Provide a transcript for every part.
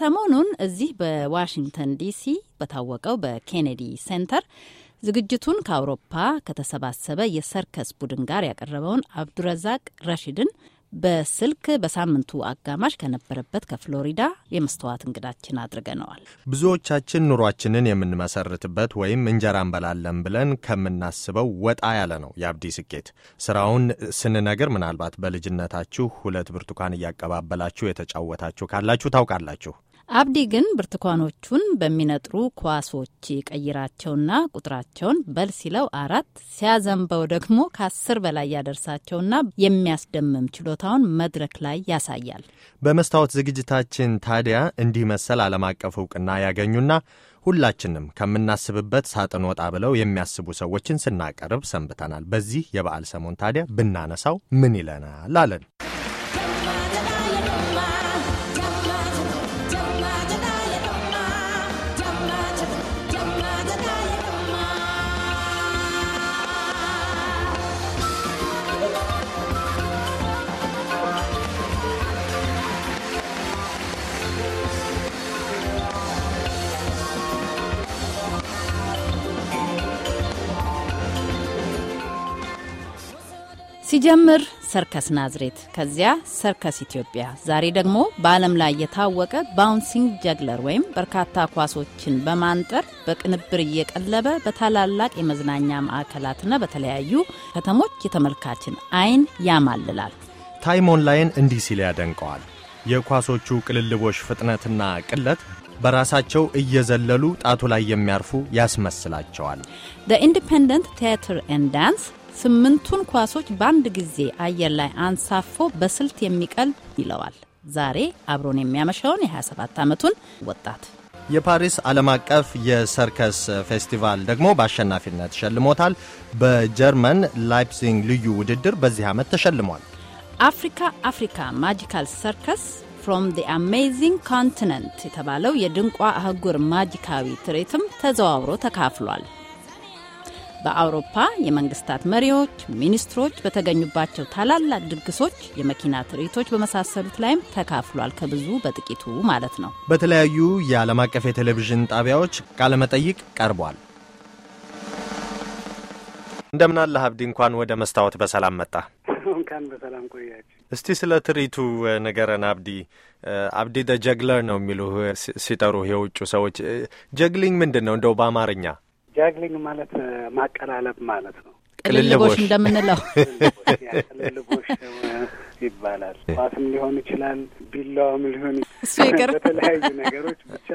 ሰሞኑን እዚህ በዋሽንግተን ዲሲ በታወቀው በኬኔዲ ሴንተር ዝግጅቱን ከአውሮፓ ከተሰባሰበ የሰርከስ ቡድን ጋር ያቀረበውን አብዱረዛቅ ረሽድን በስልክ በሳምንቱ አጋማሽ ከነበረበት ከፍሎሪዳ የመስተዋት እንግዳችን አድርገነዋል። ብዙዎቻችን ኑሯችንን የምንመሰርትበት ወይም እንጀራ እንበላለን ብለን ከምናስበው ወጣ ያለ ነው የአብዲ ስኬት። ስራውን ስንነግር ምናልባት በልጅነታችሁ ሁለት ብርቱካን እያቀባበላችሁ የተጫወታችሁ ካላችሁ ታውቃላችሁ። አብዲ ግን ብርቱካኖቹን በሚነጥሩ ኳሶች ቀይራቸውና ቁጥራቸውን በል ሲለው አራት ሲያዘንበው ደግሞ ከአስር በላይ ያደርሳቸውና የሚያስደምም ችሎታውን መድረክ ላይ ያሳያል። በመስታወት ዝግጅታችን ታዲያ እንዲህ መሰል ዓለም አቀፍ እውቅና ያገኙና ሁላችንም ከምናስብበት ሳጥን ወጣ ብለው የሚያስቡ ሰዎችን ስናቀርብ ሰንብተናል። በዚህ የበዓል ሰሞን ታዲያ ብናነሳው ምን ይለናል አለን። ሲጀምር ሰርከስ ናዝሬት፣ ከዚያ ሰርከስ ኢትዮጵያ፣ ዛሬ ደግሞ በዓለም ላይ የታወቀ ባውንሲንግ ጀግለር ወይም በርካታ ኳሶችን በማንጠር በቅንብር እየቀለበ በታላላቅ የመዝናኛ ማዕከላትና በተለያዩ ከተሞች የተመልካችን አይን ያማልላል። ታይም ኦንላይን እንዲህ ሲል ያደንቀዋል። የኳሶቹ ቅልልቦች ፍጥነትና ቅለት በራሳቸው እየዘለሉ ጣቱ ላይ የሚያርፉ ያስመስላቸዋል። ኢንዲፔንደንት ቲያትር ኤንድ ዳንስ ስምንቱን ኳሶች በአንድ ጊዜ አየር ላይ አንሳፎ በስልት የሚቀልብ ይለዋል። ዛሬ አብሮን የሚያመሻውን የ27 ዓመቱን ወጣት የፓሪስ ዓለም አቀፍ የሰርከስ ፌስቲቫል ደግሞ በአሸናፊነት ሸልሞታል። በጀርመን ላይፕዚንግ ልዩ ውድድር በዚህ ዓመት ተሸልሟል። አፍሪካ አፍሪካ ማጂካል ሰርከስ ፍሮም ዘ አሜዚንግ ኮንቲነንት የተባለው የድንቋ አህጉር ማጂካዊ ትርኢትም ተዘዋውሮ ተካፍሏል። በአውሮፓ የመንግስታት መሪዎች፣ ሚኒስትሮች በተገኙባቸው ታላላቅ ድግሶች፣ የመኪና ትርኢቶች በመሳሰሉት ላይም ተካፍሏል። ከብዙ በጥቂቱ ማለት ነው። በተለያዩ የዓለም አቀፍ የቴሌቪዥን ጣቢያዎች ቃለመጠይቅ ቀርቧል። እንደምናለህ አብዲ፣ እንኳን ወደ መስታወት በሰላም መጣ። እንኳን በሰላም ቆያችሁ። እስቲ ስለ ትርኢቱ ንገረን አብዲ። አብዲ ደ ጀግለር ነው የሚሉ ሲጠሩ የውጩ ሰዎች። ጀግሊንግ ምንድን ነው እንደው በአማርኛ? ጃግሊንግ ማለት ማቀላለብ ማለት ነው። ቅልልቦሽ እንደምንለው ቅልልቦሽ ይባላል። ኳስም ሊሆን ይችላል፣ ቢላውም ሊሆን ይቅር፣ በተለያዩ ነገሮች ብቻ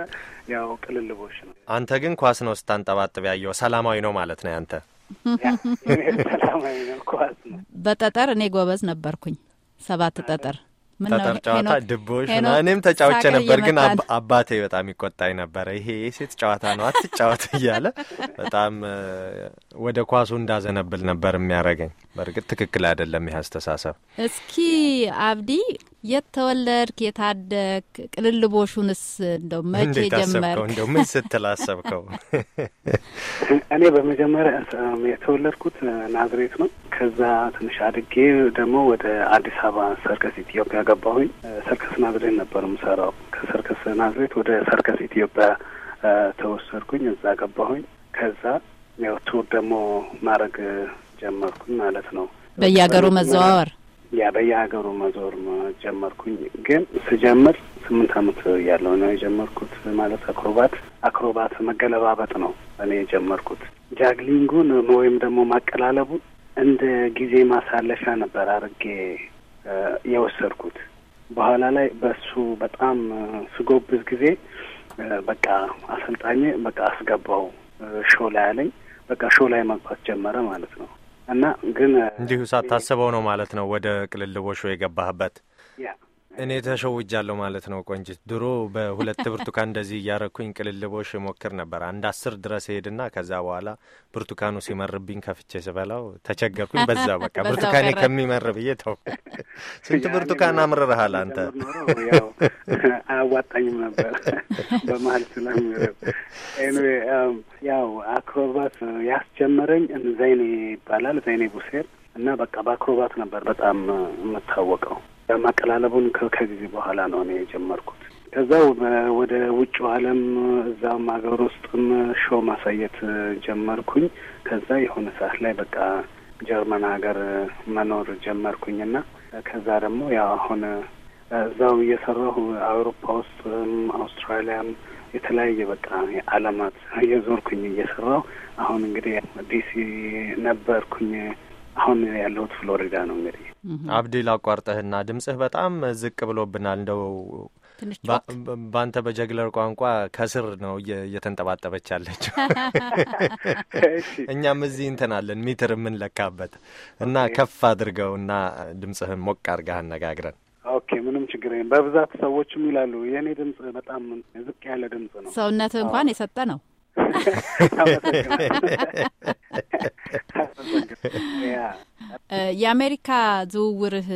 ያው ቅልልቦሽ ነው። አንተ ግን ኳስ ነው ስታንጠባጥብ ያየው ሰላማዊ ነው ማለት ነው ያንተ። ሰላማዊ ነው ኳስ ነው። በጠጠር እኔ ጎበዝ ነበርኩኝ። ሰባት ጠጠር ጠጠር ጨዋታ ድቦሽ ና እኔም ተጫውቼ ነበር፣ ግን አባቴ በጣም ይቆጣኝ ነበረ። ይሄ የሴት ጨዋታ ነው አትጫወት እያለ በጣም ወደ ኳሱ እንዳዘነብል ነበር የሚያደርገኝ። በእርግጥ ትክክል አይደለም ይህ አስተሳሰብ። እስኪ አብዲ የት ተወለድክ? የታደግ ቅልልቦሹንስ እንደው መቼ ጀመር? እንደው ምን ስትል አሰብከው? እኔ በመጀመሪያ የተወለድኩት ናዝሬት ነው። ከዛ ትንሽ አድጌ ደግሞ ወደ አዲስ አበባ ሰርከስ ኢትዮጵያ ገባሁኝ። ሰርከስ ናዝሬት ነበር የምሰራው። ከሰርከስ ናዝሬት ወደ ሰርከስ ኢትዮጵያ ተወሰድኩኝ። እዛ ገባሁኝ። ከዛ ያው ቱር ደግሞ ማድረግ ጀመርኩኝ ማለት ነው። በየሀገሩ መዘዋወር ያ በየሀገሩ መዞር ጀመርኩኝ። ግን ስጀምር ስምንት አመት ያለው ነው የጀመርኩት። ማለት አክሮባት አክሮባት መገለባበጥ ነው እኔ የጀመርኩት። ጃግሊንጉን ወይም ደግሞ ማቀላለቡን እንደ ጊዜ ማሳለሻ ነበር አድርጌ የወሰድኩት። በኋላ ላይ በሱ በጣም ስጎብዝ ጊዜ በቃ አሰልጣኝ በቃ አስገባው ሾ ላይ አለኝ። በቃ ሾ ላይ መግባት ጀመረ ማለት ነው። እና ግን እንዲሁ ሳታስበው ነው ማለት ነው ወደ ቅልልቦሹ የገባህበት? እኔ ተሸውጃለሁ ማለት ነው ቆንጂት። ድሮ በሁለት ብርቱካን እንደዚህ እያረኩኝ ቅልልቦሽ ሞክር ነበር። አንድ አስር ድረስ ሄድና ከዛ በኋላ ብርቱካኑ ሲመርብኝ ከፍቼ ስበላው ተቸገርኩኝ። በዛ በቃ ብርቱካኔ ከሚመር ብዬ ተው። ስንት ብርቱካን አምርረሃል አንተ። አያዋጣኝም ነበር በመሀል ስለሚረብ። ያው አክሮባት ያስጀመረኝ ዘይኔ ይባላል። ዘይኔ ቡሴር እና በቃ በአክሮባት ነበር በጣም የምታወቀው ማቀላለቡን ከጊዜ በኋላ ነው እኔ የጀመርኩት። ከዛው ወደ ውጭ ዓለም እዛም ሀገር ውስጥም ሾው ማሳየት ጀመርኩኝ። ከዛ የሆነ ሰዓት ላይ በቃ ጀርመን ሀገር መኖር ጀመርኩኝና ከዛ ደግሞ ያው አሁን እዛው እየሰራሁ አውሮፓ ውስጥም አውስትራሊያም የተለያየ በቃ የዓለማት እየዞርኩኝ እየሰራሁ አሁን እንግዲህ ዲሲ ነበርኩኝ። አሁን ያለሁት ፍሎሪዳ ነው እንግዲህ አብዲል አቋርጠህና ድምጽህ በጣም ዝቅ ብሎብናል። እንደው በአንተ በጀግለር ቋንቋ ከስር ነው እየተንጠባጠበች ያለችው። እኛም እዚህ እንትናለን ሚትር የምንለካበት እና ከፍ አድርገውና ድምጽህን ሞቅ አድርገህ አነጋግረን። ኦኬ፣ ምንም ችግር የለም። በብዛት ሰዎችም ይላሉ የእኔ ድምጽ በጣም ዝቅ ያለ ድምጽ ነው። ሰውነት እንኳን የሰጠ ነው። የአሜሪካ ዝውውርህ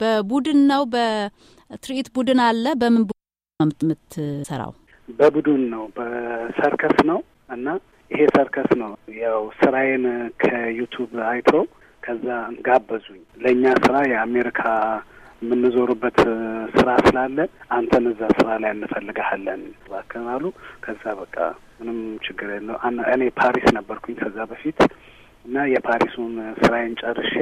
በቡድን ነው? በትርኢት ቡድን አለ? በምን ቡድን የምትሰራው? በቡድን ነው፣ በሰርከስ ነው እና ይሄ ሰርከስ ነው። ያው ስራዬን ከዩቱብ አይቶ ከዛ ጋበዙኝ። ለእኛ ስራ የአሜሪካ የምንዞርበት ስራ ስላለ አንተን እዛ ስራ ላይ እንፈልግሃለን ባክን አሉ። ከዛ በቃ ምንም ችግር የለው። እኔ ፓሪስ ነበርኩኝ ከዛ በፊት እና የፓሪሱን ስራዬን ጨርሼ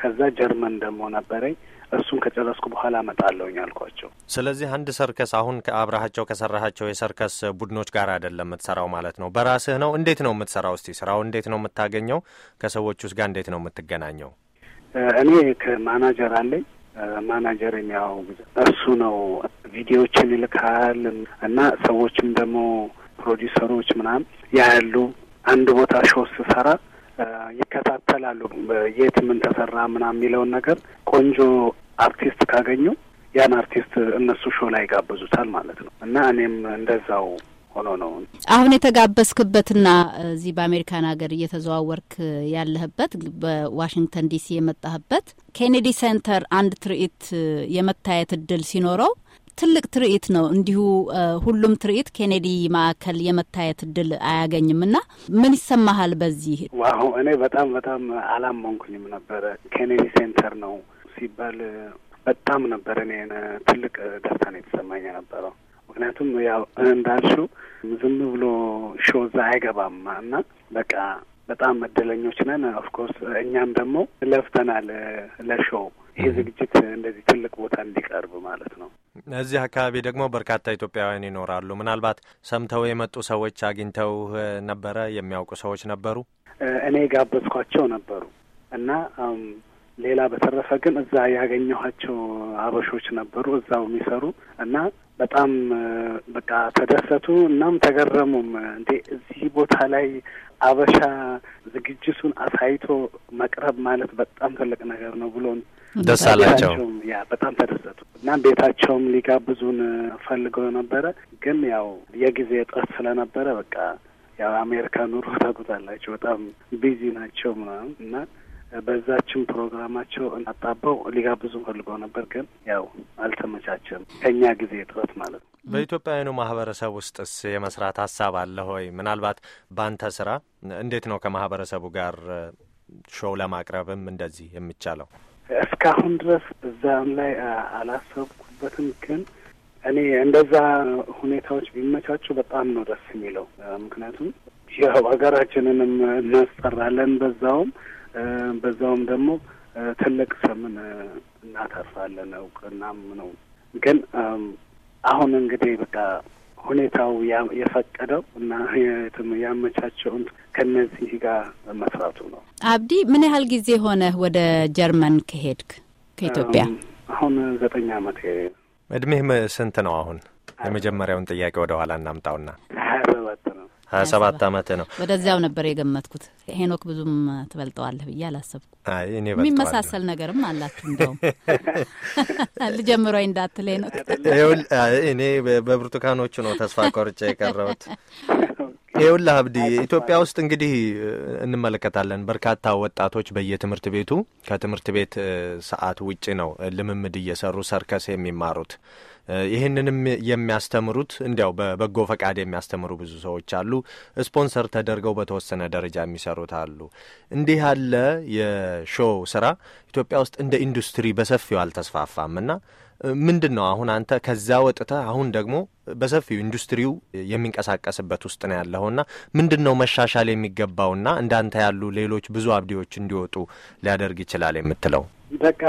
ከዛ ጀርመን ደግሞ ነበረኝ እሱን ከጨረስኩ በኋላ እመጣለሁኝ አልኳቸው። ስለዚህ አንድ ሰርከስ አሁን ከአብረሃቸው ከሰራሃቸው የሰርከስ ቡድኖች ጋር አይደለም የምትሰራው ማለት ነው፣ በራስህ ነው። እንዴት ነው የምትሰራው? እስቲ ስራው እንዴት ነው የምታገኘው? ከሰዎች ውስጥ ጋር እንዴት ነው የምትገናኘው? እኔ ከማናጀር አለኝ። ማናጀር ያው እሱ ነው ቪዲዮዎችን ይልካል እና ሰዎችም ደግሞ ፕሮዲሰሮች ምናምን ያሉ አንድ ቦታ ሾ ስሰራ ይከታተላሉ። የት ምን ተሰራ ምናምን የሚለውን ነገር ቆንጆ አርቲስት ካገኙ ያን አርቲስት እነሱ ሾ ላይ ይጋብዙታል ማለት ነው እና እኔም እንደዛው ሆኖ ነው አሁን የተጋበዝክበትና እዚህ በአሜሪካን ሀገር እየተዘዋወርክ ያለህበት በዋሽንግተን ዲሲ የመጣህበት ኬኔዲ ሴንተር አንድ ትርኢት የመታየት እድል ሲኖረው ትልቅ ትርኢት ነው። እንዲሁ ሁሉም ትርኢት ኬኔዲ ማዕከል የመታየት እድል አያገኝም እና ምን ይሰማሃል በዚህ? ዋው እኔ በጣም በጣም አላመንኩኝም ነበረ። ኬኔዲ ሴንተር ነው ሲባል በጣም ነበር እኔ ትልቅ ደስታ ነው የተሰማኝ የነበረው። ምክንያቱም ያው እንዳልሽው ዝም ብሎ ሾው እዛ አይገባም እና በቃ በጣም እድለኞች ነን። ኦፍኮርስ እኛም ደግሞ ለፍተናል ለሾው ይህ ዝግጅት እንደዚህ ትልቅ ቦታ እንዲቀርብ ማለት ነው። እዚህ አካባቢ ደግሞ በርካታ ኢትዮጵያውያን ይኖራሉ። ምናልባት ሰምተው የመጡ ሰዎች አግኝተው ነበረ? የሚያውቁ ሰዎች ነበሩ? እኔ ጋበዝኳቸው ነበሩ እና ሌላ በተረፈ ግን እዛ ያገኘኋቸው አበሾች ነበሩ እዛው የሚሰሩ እና በጣም በቃ ተደሰቱ። እናም ተገረሙም። እንዴ እዚህ ቦታ ላይ አበሻ ዝግጅቱን አሳይቶ መቅረብ ማለት በጣም ትልቅ ነገር ነው ብሎን ደስ አላቸው። ያ በጣም ተደሰቱ እና ቤታቸውም ሊጋብዙን ፈልገው ነበረ፣ ግን ያው የጊዜ እጥረት ስለነበረ በቃ ያው አሜሪካ ኑሮ ታውቁታላችሁ፣ በጣም ቢዚ ናቸው ምናምን እና በዛችን ፕሮግራማቸው አጣበው ሊጋብዙን ፈልገው ነበር፣ ግን ያው አልተመቻቸም፣ ከእኛ ጊዜ እጥረት ማለት ነው። በኢትዮጵያውያኑ ማህበረሰብ ውስጥስ የመስራት ሀሳብ አለ ሆይ? ምናልባት ባንተ ስራ እንዴት ነው ከማህበረሰቡ ጋር ሾው ለማቅረብም እንደዚህ የሚቻለው? እስካሁን ድረስ እዛም ላይ አላሰብኩበትም ግን እኔ እንደዛ ሁኔታዎች ቢመቻቸው በጣም ነው ደስ የሚለው። ምክንያቱም ያው ሀገራችንንም እናስጠራለን፣ በዛውም በዛውም ደግሞ ትልቅ ስምን እናተርፋለን። እውቅናም ነው ግን አሁን እንግዲህ በቃ ሁኔታው የፈቀደው እና ያመቻቸውን ከነዚህ ጋር መስራቱ ነው። አብዲ ምን ያህል ጊዜ ሆነ ወደ ጀርመን ከሄድክ ከኢትዮጵያ? አሁን ዘጠኝ አመት። እድሜህ ስንት ነው? አሁን የመጀመሪያውን ጥያቄ ወደ ኋላ እናምጣውና ሀያ ሀያ ሰባት አመት ነው። ወደዚያው ነበር የገመትኩት። ሄኖክ ብዙም ትበልጠዋለህ ብዬ አላሰብኩም። የሚመሳሰል ነገርም አላችሁ። እንደውም ልጀምሮ እንዳትል ሄኖክ። እኔ በብርቱካኖቹ ነው ተስፋ ቆርጬ የቀረሁት። ይኸውልህ አብዲ ኢትዮጵያ ውስጥ እንግዲህ እንመለከታለን በርካታ ወጣቶች በየትምህርት ቤቱ ከትምህርት ቤት ሰዓት ውጭ ነው ልምምድ እየሰሩ ሰርከስ የሚማሩት። ይህንንም የሚያስተምሩት እንዲያው በበጎ ፈቃድ የሚያስተምሩ ብዙ ሰዎች አሉ። ስፖንሰር ተደርገው በተወሰነ ደረጃ የሚሰሩት አሉ። እንዲህ ያለ የሾው ስራ ኢትዮጵያ ውስጥ እንደ ኢንዱስትሪ በሰፊው አልተስፋፋም እና ምንድን ነው አሁን አንተ ከዛ ወጥተህ አሁን ደግሞ በሰፊው ኢንዱስትሪው የሚንቀሳቀስበት ውስጥ ነው ያለኸውና ምንድን ነው መሻሻል የሚገባውና እንዳንተ ያሉ ሌሎች ብዙ አብዲዎች እንዲወጡ ሊያደርግ ይችላል የምትለው? በቃ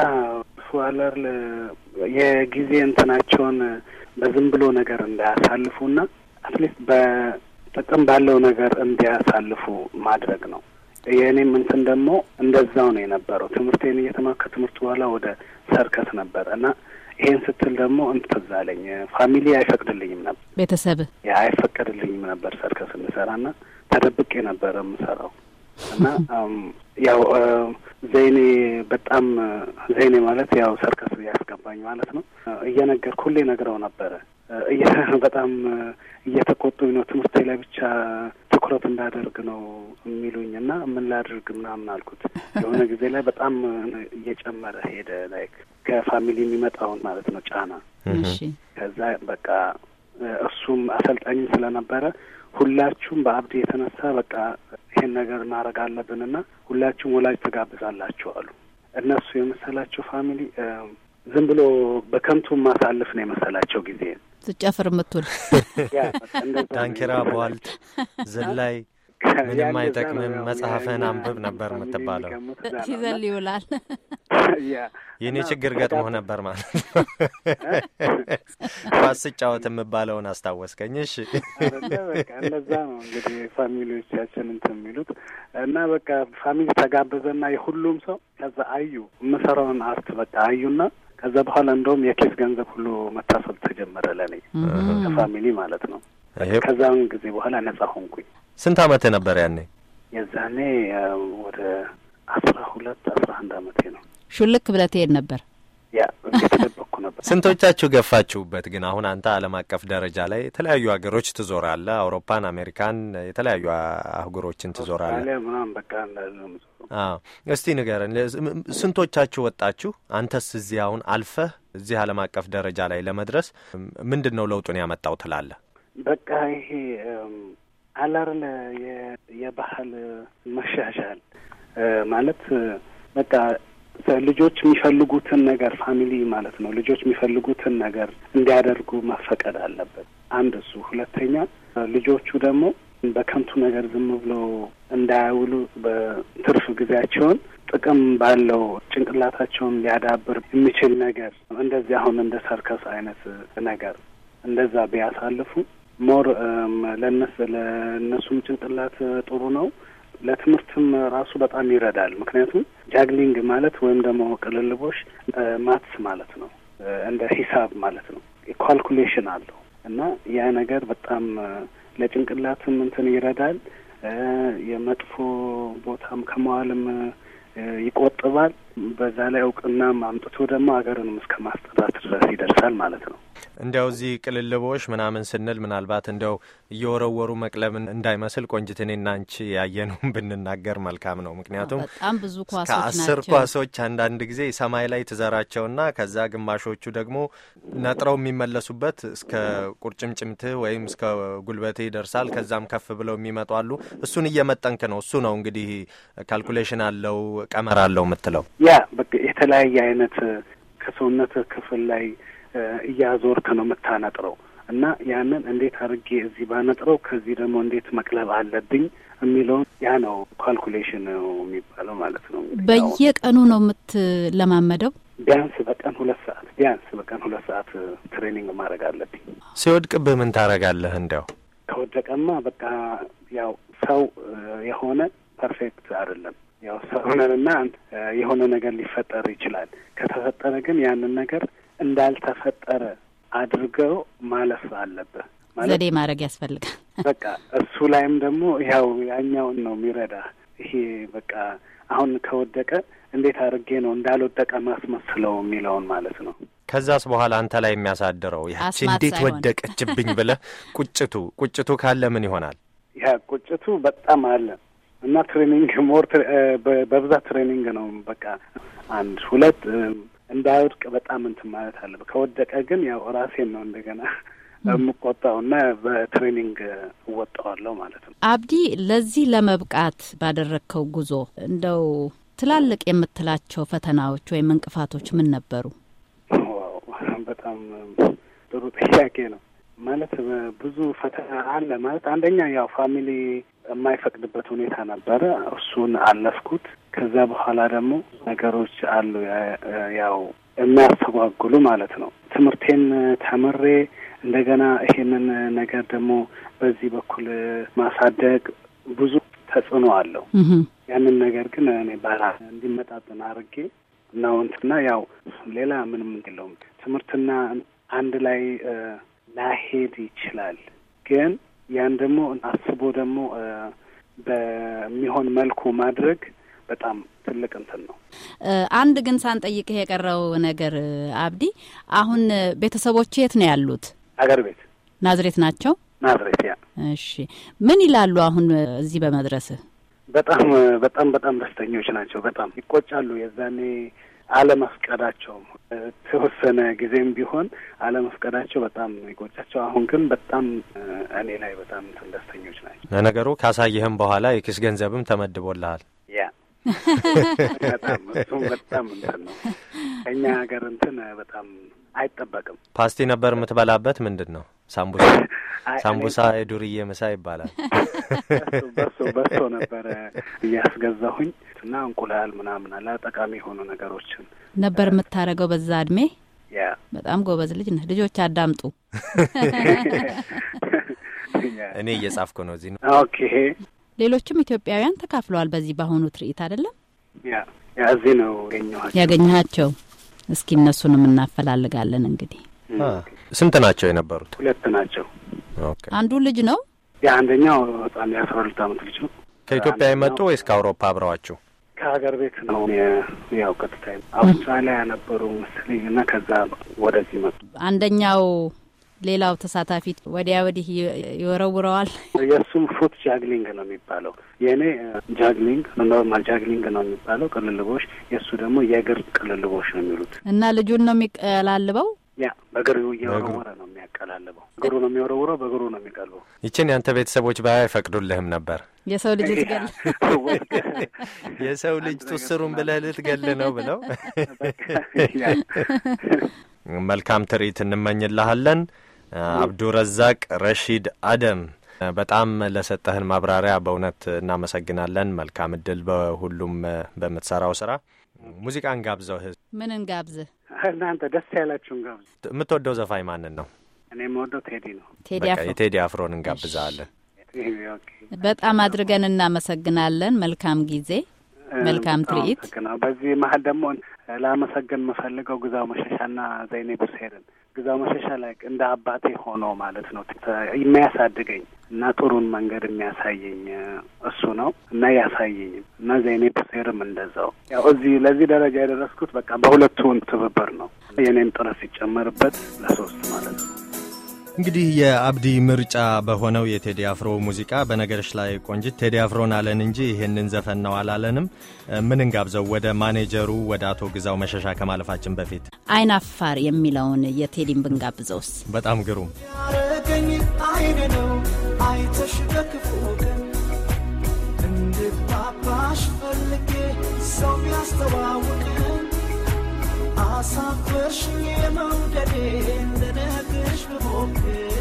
አለር የጊዜ እንትናቸውን በዝም ብሎ ነገር እንዳያሳልፉ ና አትሊስት በጥቅም ባለው ነገር እንዲያሳልፉ ማድረግ ነው። የእኔም እንትን ደግሞ እንደዛው ነው የነበረው። ትምህርቴን እየተማ ከትምህርት በኋላ ወደ ሰርከስ ነበረ እና ይሄን ስትል ደግሞ እንትዛለኝ ፋሚሊ አይፈቅድልኝም ነበር፣ ቤተሰብ አይፈቀድልኝም ነበር ሰርከስ እንሰራ ና ተደብቄ ነበረ የምሰራው እና ያው ዘይኔ በጣም ዘይኔ ማለት ያው ሰርከስ ያስገባኝ ማለት ነው። እየነገርኩ ሁሌ ነግረው ነበረ። በጣም እየተቆጡኝ ነው፣ ትምህርቴ ላይ ብቻ ትኩረት እንዳደርግ ነው የሚሉኝ እና ምን ላድርግ ምናምን አልኩት። የሆነ ጊዜ ላይ በጣም እየጨመረ ሄደ፣ ላይክ ከፋሚሊ የሚመጣውን ማለት ነው ጫና። ከዛ በቃ እሱም አሰልጣኝ ስለነበረ ሁላችሁም በአብድ የተነሳ በቃ ይሄን ነገር ማድረግ አለብን አለብንና ሁላችሁም ወላጅ ትጋብዛላችሁ አሉ። እነሱ የመሰላቸው ፋሚሊ ዝም ብሎ በከንቱ ማሳልፍ ነው የመሰላቸው ጊዜ ስጨፍር ምትል ዳንኪራ፣ ቧልት፣ ዝላይ ምንም አይጠቅምም፣ መጽሐፍህን አንብብ ነበር የምትባለው። ሲዘል ይውላል። የእኔ ችግር ገጥሞ ነበር ማለት ነው። ኳስ ስጫወት የምባለውን አስታወስከኝ። እሺ፣ እንደዛ ነው እንግዲህ ፋሚሊዎቻችን እንትን የሚሉት እና በቃ ፋሚሊ ተጋበዘና የሁሉም ሰው ከዛ አዩ የምሰራውን አርት በቃ አዩና ከዛ በኋላ እንደውም የኬስ ገንዘብ ሁሉ መታሰብ ተጀመረ ለኔ ከፋሚሊ ማለት ነው። ከዛም ጊዜ በኋላ ነጻ ሆንኩኝ። ስንት አመት ነበር ያኔ? የዛኔ ወደ አስራ ሁለት አስራ አንድ አመቴ ነው። ሹልክ ብለህ ትሄድ ነበር? ያ ነበር። ስንቶቻችሁ ገፋችሁበት? ግን አሁን አንተ ዓለም አቀፍ ደረጃ ላይ የተለያዩ ሀገሮች ትዞራለህ። አውሮፓን፣ አሜሪካን፣ የተለያዩ አህጉሮችን ትዞራለህ እስቲ ንገረን፣ ስንቶቻችሁ ወጣችሁ? አንተስ እዚህ አሁን አልፈህ እዚህ ዓለም አቀፍ ደረጃ ላይ ለመድረስ ምንድን ነው ለውጡን ያመጣው ትላለህ? በቃ ይሄ አላርለ የባህል መሻሻል ማለት በቃ ልጆች የሚፈልጉትን ነገር ፋሚሊ ማለት ነው። ልጆች የሚፈልጉትን ነገር እንዲያደርጉ መፈቀድ አለበት። አንድ እሱ። ሁለተኛ ልጆቹ ደግሞ በከንቱ ነገር ዝም ብለው እንዳያውሉ በትርፍ ጊዜያቸውን ጥቅም ባለው ጭንቅላታቸውን ሊያዳብር የሚችል ነገር እንደዚህ አሁን እንደ ሰርከስ አይነት ነገር እንደዛ ቢያሳልፉ ሞር ለነስ ለእነሱም ጭንቅላት ጥሩ ነው። ለትምህርትም ራሱ በጣም ይረዳል። ምክንያቱም ጃግሊንግ ማለት ወይም ደግሞ ቅልልቦሽ ማትስ ማለት ነው፣ እንደ ሂሳብ ማለት ነው። ካልኩሌሽን አለው እና ያ ነገር በጣም ለጭንቅላትም እንትን ይረዳል። የመጥፎ ቦታም ከመዋልም ይቆጥባል። በዛ ላይ እውቅናም አምጥቶ ደግሞ ሀገርንም እስከ ማስጠራት ድረስ ይደርሳል ማለት ነው። እንዲያው እዚህ ቅልልቦች ምናምን ስንል ምናልባት እንደው እየወረወሩ መቅለብን እንዳይመስል ቆንጅት፣ እኔና አንቺ ያየነውን ብንናገር መልካም ነው። ምክንያቱም በጣም ብዙ ኳሶች ከአስር ኳሶች አንዳንድ ጊዜ ሰማይ ላይ ትዘራቸውና ከዛ ግማሾቹ ደግሞ ነጥረው የሚመለሱበት እስከ ቁርጭምጭምትህ ወይም እስከ ጉልበትህ ይደርሳል። ከዛም ከፍ ብለው የሚመጡ አሉ። እሱን እየመጠንክ ነው። እሱ ነው እንግዲህ ካልኩሌሽን አለው ቀመር አለው የምትለው ያ የተለያየ አይነት ከሰውነት ክፍል ላይ እያዞርክ ነው የምታነጥረው እና ያንን እንዴት አድርጌ እዚህ ባነጥረው ከዚህ ደግሞ እንዴት መቅለብ አለብኝ የሚለውን ያ ነው ካልኩሌሽን ነው የሚባለው ማለት ነው። በየቀኑ ነው የምትለማመደው? ቢያንስ በቀን ሁለት ሰዓት ቢያንስ በቀን ሁለት ሰዓት ትሬኒንግ ማድረግ አለብኝ። ሲወድቅብህ ምን ታደርጋለህ? እንደው ከወደቀማ በቃ ያው ሰው የሆነ ፐርፌክት አይደለም። ያው ሰው የሆነ ነገር ሊፈጠር ይችላል። ከተፈጠረ ግን ያንን ነገር እንዳልተፈጠረ አድርገው ማለፍ አለብህ። ዘዴ ማድረግ ያስፈልጋል። በቃ እሱ ላይም ደግሞ ያው ያኛውን ነው የሚረዳ። ይሄ በቃ አሁን ከወደቀ እንዴት አድርጌ ነው እንዳልወደቀ ማስመስለው የሚለውን ማለት ነው። ከዛስ በኋላ አንተ ላይ የሚያሳድረው ያቺ እንዴት ወደቀችብኝ ብለህ ቁጭቱ ቁጭቱ ካለ ምን ይሆናል? ያ ቁጭቱ በጣም አለ እና ትሬኒንግ ሞር በብዛት ትሬኒንግ ነው በቃ አንድ ሁለት እንዳይወድቅ በጣም እንትን ማለት አለብህ። ከወደቀ ግን ያው ራሴን ነው እንደገና እና በትሬኒንግ እወጣዋለሁ ማለት ነው። አብዲ፣ ለዚህ ለመብቃት ባደረግከው ጉዞ እንደው ትላልቅ የምትላቸው ፈተናዎች ወይም እንቅፋቶች ምን ነበሩ? በጣም ጥሩ ጥያቄ ነው። ማለት ብዙ ፈተና አለ ማለት አንደኛ ያው ፋሚሊ የማይፈቅድበት ሁኔታ ነበረ። እሱን አለፍኩት። ከዛ በኋላ ደግሞ ነገሮች አሉ ያው የሚያስተጓጉሉ ማለት ነው። ትምህርቴን ተምሬ እንደገና ይሄንን ነገር ደግሞ በዚህ በኩል ማሳደግ ብዙ ተጽዕኖ አለው። ያንን ነገር ግን እኔ ባላ እንዲመጣጥን አድርጌ እናውንትና ያው ሌላ ምንም የለውም ትምህርትና አንድ ላይ ላሄድ ይችላል ግን ያን ደግሞ አስቦ ደግሞ በሚሆን መልኩ ማድረግ በጣም ትልቅ እንትን ነው። አንድ ግን ሳንጠይቅህ የቀረው ነገር አብዲ፣ አሁን ቤተሰቦች የት ነው ያሉት? አገር ቤት ናዝሬት ናቸው። ናዝሬት ያ። እሺ፣ ምን ይላሉ አሁን እዚህ በመድረስህ? በጣም በጣም በጣም ደስተኞች ናቸው። በጣም ይቆጫሉ የዛኔ አለመፍቀዳቸው ተወሰነ ጊዜም ቢሆን አለመፍቀዳቸው በጣም ይቆጫቸው። አሁን ግን በጣም እኔ ላይ በጣም ደስተኞች ናቸው። ለነገሩ ካሳየህም በኋላ የኪስ ገንዘብም ተመድቦልሃል። ያ በጣም እሱም በጣም እንትን ነው። እኛ ሀገር እንትን በጣም አይጠበቅም። ፓስቲ ነበር የምትበላበት ምንድን ነው? ሳምቡሳ ሳምቡሳ የዱርዬ ምሳ ይባላል። በሶ በሶ ነበረ እያስገዛሁኝ እና እንቁላል ምናምን አለ ጠቃሚ የሆኑ ነገሮችን ነበር የምታደርገው በዛ እድሜ። ያ በጣም ጎበዝ ልጅ ነህ። ልጆች አዳምጡ። እኔ እየጻፍኩ ነው እዚህ ኦኬ ሌሎችም ኢትዮጵያውያን ተካፍለዋል በዚህ በአሁኑ ትርኢት አይደለም? ያ እዚህ ነው ያገኘኋቸው። እስኪ እነሱንም እናፈላልጋለን እንግዲህ። ስንት ናቸው የነበሩት? ሁለት ናቸው። አንዱ ልጅ ነው። የአንደኛው በጣም የአስራ ሁለት አመት ልጅ ነው። ከኢትዮጵያ የመጡ ወይስ ከአውሮፓ አብረዋችሁ? ከሀገር ቤት ነው ያው ቀጥታ አውስትራሊያ ነበሩ መሰለኝ እና ከዛ ወደዚህ መጡ። አንደኛው ሌላው ተሳታፊ ወዲያ ወዲህ ይወረውረዋል። የእሱም ፉት ጃግሊንግ ነው የሚባለው። የእኔ ጃግሊንግ ኖርማል ጃግሊንግ ነው የሚባለው ቅልልቦች፣ የእሱ ደግሞ የእግር ቅልልቦች ነው የሚሉት እና ልጁን ነው የሚቀላልበው ያ በእግር እየወረወረ ነው የሚያቀላልበው። እግሩ ነው የሚወረውረው፣ በእግሩ ነው የሚቀልበው። ይችን ያንተ ቤተሰቦች ባያ አይፈቅዱልህም ነበር። የሰው ልጅ ትገል የሰው ልጅ ቱስሩን ብለህ ልትገል ነው ብለው። መልካም ትርኢት እንመኝልሃለን። አብዱ ረዛቅ ረሺድ አደም በጣም ለሰጠህን ማብራሪያ በእውነት እናመሰግናለን። መልካም እድል በሁሉም በምትሰራው ስራ ሙዚቃ እንጋብዘው። ህዝብ ምን እንጋብዝህ? እናንተ ደስ ያላችሁ እንጋብዝ። የምትወደው ዘፋኝ ማንን ነው? እኔ የምወደው ቴዲ ነው። ቴዲ አፍሮን እንጋብዛለን። በጣም አድርገን እናመሰግናለን። መልካም ጊዜ፣ መልካም ትርኢት። በዚህ መሀል ደግሞ ላመሰግን የምፈልገው ግዛው መሸሻና ዘይኔ ብርሴርን ግዛው መሸሻ ላይ እንደ አባቴ ሆኖ ማለት ነው የሚያሳድገኝ እና ጥሩን መንገድ የሚያሳየኝ እሱ ነው እና ያሳየኝም እና ዘይኔ ፕሴርም እንደዛው ያው እዚህ ለዚህ ደረጃ የደረስኩት በቃ በሁለቱን ትብብር ነው። የእኔም ጥረት ሲጨመርበት ለሶስት ማለት ነው። እንግዲህ የአብዲ ምርጫ በሆነው የቴዲ አፍሮ ሙዚቃ በነገሮች ላይ ቆንጅት ቴዲ አፍሮን አለን እንጂ ይህንን ዘፈን ነው አላለንም። ምን እንጋብዘው? ወደ ማኔጀሩ ወደ አቶ ግዛው መሸሻ ከማለፋችን በፊት አይን አፋር የሚለውን የቴዲን ብንጋብዘውስ? በጣም ግሩም ያረገኝ አይን ነው አይተሽ በክፉ እንድባባሽ ፈልጌ ሰው አሳፈርሽኝ የመንገዴን ልነግርሽ ብሞክር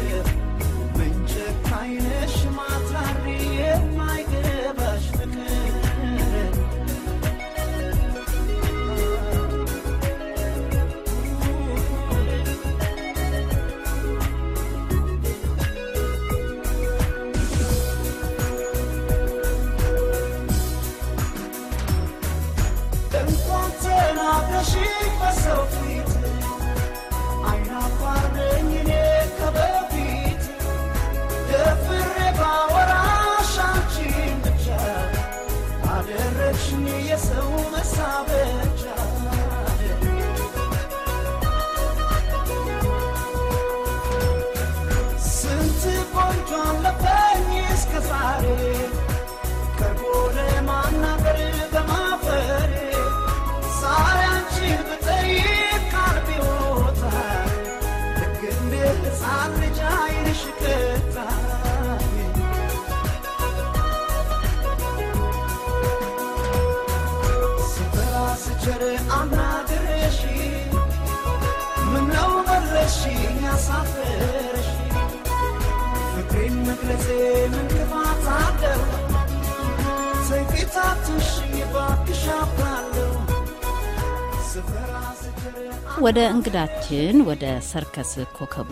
ወደ እንግዳችን ወደ ሰርከስ ኮከቡ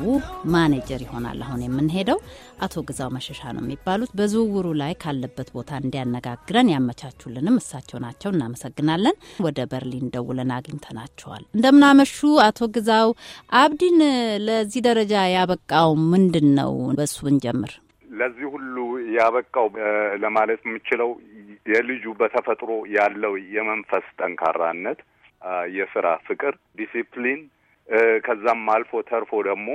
ማኔጀር ይሆናል አሁን የምንሄደው አቶ ግዛው መሸሻ ነው የሚባሉት። በዝውውሩ ላይ ካለበት ቦታ እንዲያነጋግረን ያመቻቹልንም እሳቸው ናቸው። እናመሰግናለን። ወደ በርሊን ደውለን አግኝተናቸዋል። እንደምናመሹ አቶ ግዛው፣ አብዲን ለዚህ ደረጃ ያበቃው ምንድን ነው? በሱ ብንጀምር ለዚህ ሁሉ ያበቃው ለማለት የምችለው የልጁ በተፈጥሮ ያለው የመንፈስ ጠንካራነት፣ የስራ ፍቅር፣ ዲሲፕሊን ከዛም አልፎ ተርፎ ደግሞ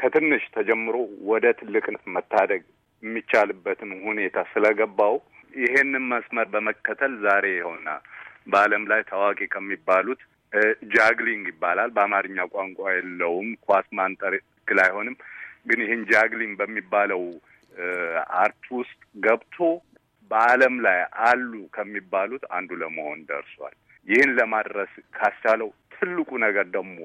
ከትንሽ ተጀምሮ ወደ ትልቅነት መታደግ የሚቻልበትን ሁኔታ ስለገባው ይሄንን መስመር በመከተል ዛሬ የሆነ በዓለም ላይ ታዋቂ ከሚባሉት ጃግሊንግ ይባላል። በአማርኛ ቋንቋ የለውም። ኳስ ማንጠር ትክክል አይሆንም፣ ግን ይህን ጃግሊንግ በሚባለው አርት ውስጥ ገብቶ በዓለም ላይ አሉ ከሚባሉት አንዱ ለመሆን ደርሷል። ይህን ለማድረስ ካስቻለው ትልቁ ነገር ደግሞ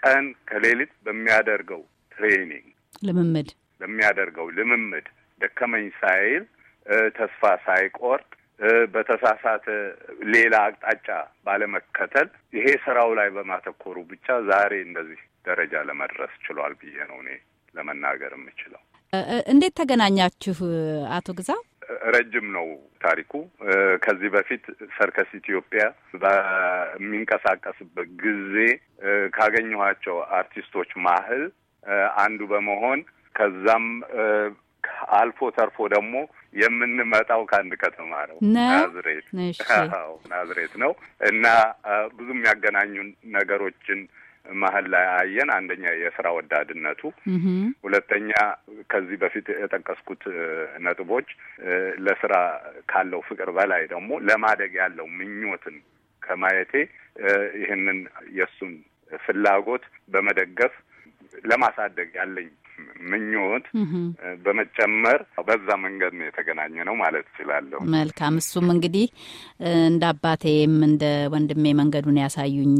ቀን ከሌሊት በሚያደርገው ትሬኒንግ ልምምድ በሚያደርገው ልምምድ ደከመኝ ሳይል ተስፋ ሳይቆርጥ በተሳሳተ ሌላ አቅጣጫ ባለመከተል ይሄ ስራው ላይ በማተኮሩ ብቻ ዛሬ እንደዚህ ደረጃ ለመድረስ ችሏል ብዬ ነው እኔ ለመናገር የምችለው። እንዴት ተገናኛችሁ አቶ ግዛው? ረጅም ነው ታሪኩ። ከዚህ በፊት ሰርከስ ኢትዮጵያ በሚንቀሳቀስበት ጊዜ ካገኘኋቸው አርቲስቶች ማህል አንዱ በመሆን ከዛም አልፎ ተርፎ ደግሞ የምንመጣው ከአንድ ከተማ ነው፣ ናዝሬት ናዝሬት ነው እና ብዙ የሚያገናኙ ነገሮችን መሀል ላይ አየን። አንደኛ የስራ ወዳድነቱ፣ ሁለተኛ ከዚህ በፊት የጠቀስኩት ነጥቦች ለስራ ካለው ፍቅር በላይ ደግሞ ለማደግ ያለው ምኞትን ከማየቴ ይህንን የእሱን ፍላጎት በመደገፍ ለማሳደግ ያለኝ ምኞት በመጨመር በዛ መንገድ ነው የተገናኘ ነው ማለት እችላለሁ። መልካም። እሱም እንግዲህ እንደ አባቴም እንደ ወንድሜ መንገዱን ያሳዩኝ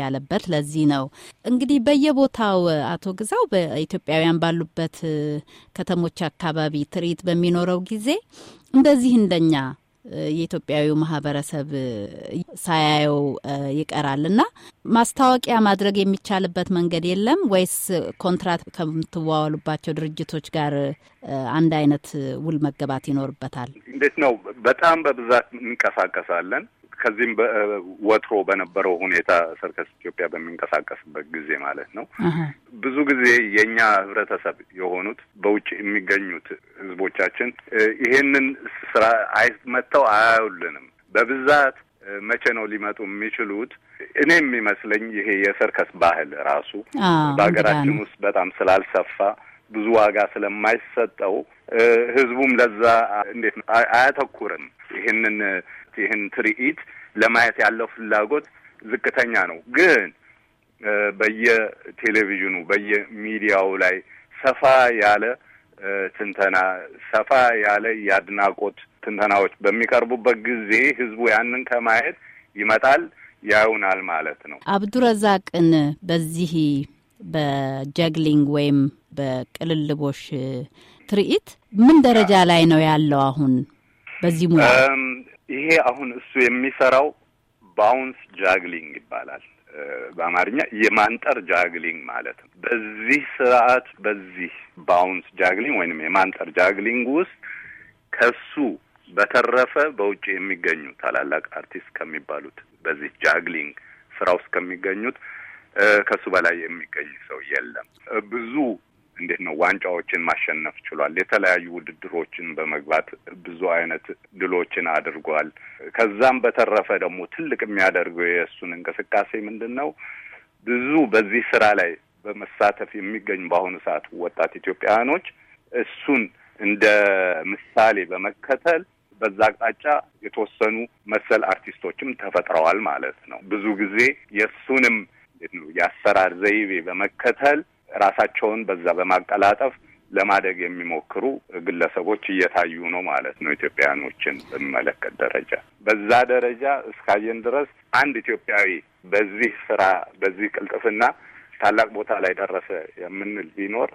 ያለበት ለዚህ ነው። እንግዲህ በየቦታው አቶ ግዛው በኢትዮጵያውያን ባሉበት ከተሞች አካባቢ ትርኢት በሚኖረው ጊዜ እንደዚህ እንደኛ የኢትዮጵያዊ ማህበረሰብ ሳያየው ይቀራል እና ማስታወቂያ ማድረግ የሚቻልበት መንገድ የለም ወይስ ኮንትራት ከምትዋወሉባቸው ድርጅቶች ጋር አንድ አይነት ውል መገባት ይኖርበታል? እንዴት ነው? በጣም በብዛት እንቀሳቀሳለን። ከዚህም ወትሮ በነበረው ሁኔታ ሰርከስ ኢትዮጵያ በሚንቀሳቀስበት ጊዜ ማለት ነው። ብዙ ጊዜ የእኛ ህብረተሰብ የሆኑት በውጭ የሚገኙት ህዝቦቻችን ይሄንን ስራ መጥተው አያዩልንም በብዛት መቼ ነው ሊመጡ የሚችሉት? እኔ የሚመስለኝ ይሄ የሰርከስ ባህል ራሱ በሀገራችን ውስጥ በጣም ስላልሰፋ ብዙ ዋጋ ስለማይሰጠው ህዝቡም ለዛ እንዴት አያተኩርም። ይህንን ይህን ትርኢት ለማየት ያለው ፍላጎት ዝቅተኛ ነው። ግን በየቴሌቪዥኑ በየሚዲያው ላይ ሰፋ ያለ ትንተና፣ ሰፋ ያለ የአድናቆት ትንተናዎች በሚቀርቡበት ጊዜ ህዝቡ ያንን ከማየት ይመጣል፣ ያዩናል ማለት ነው። አብዱረዛቅን በዚህ በጀግሊንግ ወይም በቅልልቦሽ ትርኢት ምን ደረጃ ላይ ነው ያለው አሁን በዚህ ሙያ? ይሄ አሁን እሱ የሚሰራው ባውንስ ጃግሊንግ ይባላል። በአማርኛ የማንጠር ጃግሊንግ ማለት ነው። በዚህ ስርዓት በዚህ ባውንስ ጃግሊንግ ወይንም የማንጠር ጃግሊንግ ውስጥ ከሱ በተረፈ በውጭ የሚገኙ ታላላቅ አርቲስት ከሚባሉት በዚህ ጃግሊንግ ስራ ውስጥ ከሚገኙት ከሱ በላይ የሚገኝ ሰው የለም። ብዙ እንዴት ነው ዋንጫዎችን ማሸነፍ ችሏል። የተለያዩ ውድድሮችን በመግባት ብዙ አይነት ድሎችን አድርጓል። ከዛም በተረፈ ደግሞ ትልቅ የሚያደርገው የእሱን እንቅስቃሴ ምንድን ነው? ብዙ በዚህ ስራ ላይ በመሳተፍ የሚገኙ በአሁኑ ሰዓት ወጣት ኢትዮጵያውያኖች እሱን እንደ ምሳሌ በመከተል በዛ አቅጣጫ የተወሰኑ መሰል አርቲስቶችም ተፈጥረዋል ማለት ነው። ብዙ ጊዜ የእሱንም የአሰራር ዘይቤ በመከተል ራሳቸውን በዛ በማቀላጠፍ ለማደግ የሚሞክሩ ግለሰቦች እየታዩ ነው ማለት ነው። ኢትዮጵያውያኖችን በሚመለከት ደረጃ በዛ ደረጃ እስካየን ድረስ አንድ ኢትዮጵያዊ በዚህ ስራ በዚህ ቅልጥፍና ታላቅ ቦታ ላይ ደረሰ የምንል ቢኖር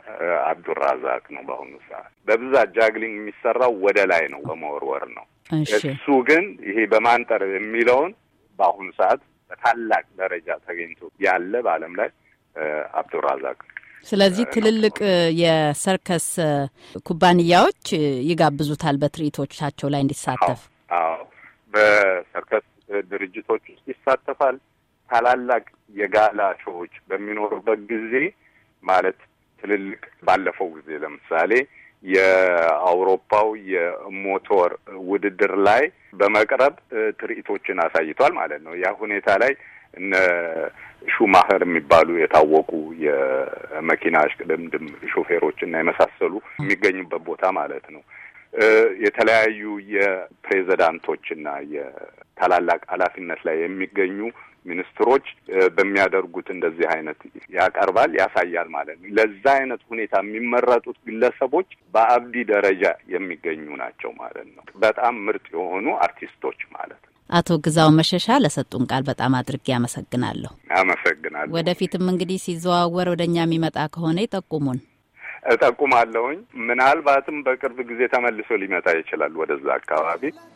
አብዱራዛቅ ነው። በአሁኑ ሰዓት በብዛት ጃግሊንግ የሚሰራው ወደ ላይ ነው፣ በመወርወር ነው። እሱ ግን ይሄ በማንጠር የሚለውን በአሁኑ ሰዓት በታላቅ ደረጃ ተገኝቶ ያለ በዓለም ላይ አብዱራዛቅ ስለዚህ ትልልቅ የሰርከስ ኩባንያዎች ይጋብዙታል በትርኢቶቻቸው ላይ እንዲሳተፍ። አዎ በሰርከስ ድርጅቶች ውስጥ ይሳተፋል። ታላላቅ የጋላ ሾዎች በሚኖሩበት ጊዜ ማለት ትልልቅ ባለፈው ጊዜ ለምሳሌ የአውሮፓው የሞቶር ውድድር ላይ በመቅረብ ትርኢቶችን አሳይቷል ማለት ነው። ያ ሁኔታ ላይ እነ ሹማህር የሚባሉ የታወቁ የመኪና እሽቅድምድም ሾፌሮችና የመሳሰሉ የሚገኙበት ቦታ ማለት ነው። የተለያዩ የፕሬዚዳንቶች እና የታላላቅ ኃላፊነት ላይ የሚገኙ ሚኒስትሮች በሚያደርጉት እንደዚህ አይነት ያቀርባል ያሳያል ማለት ነው። ለዛ አይነት ሁኔታ የሚመረጡት ግለሰቦች በአብዲ ደረጃ የሚገኙ ናቸው ማለት ነው። በጣም ምርጥ የሆኑ አርቲስቶች ማለት ነው። አቶ ግዛው መሸሻ ለሰጡን ቃል በጣም አድርጌ አመሰግናለሁ። አመሰግናለሁ። ወደፊትም እንግዲህ ሲዘዋወር ወደ እኛ የሚመጣ ከሆነ ይጠቁሙን። እጠቁማለሁኝ። ምናልባትም በቅርብ ጊዜ ተመልሶ ሊመጣ ይችላል ወደዛ አካባቢ።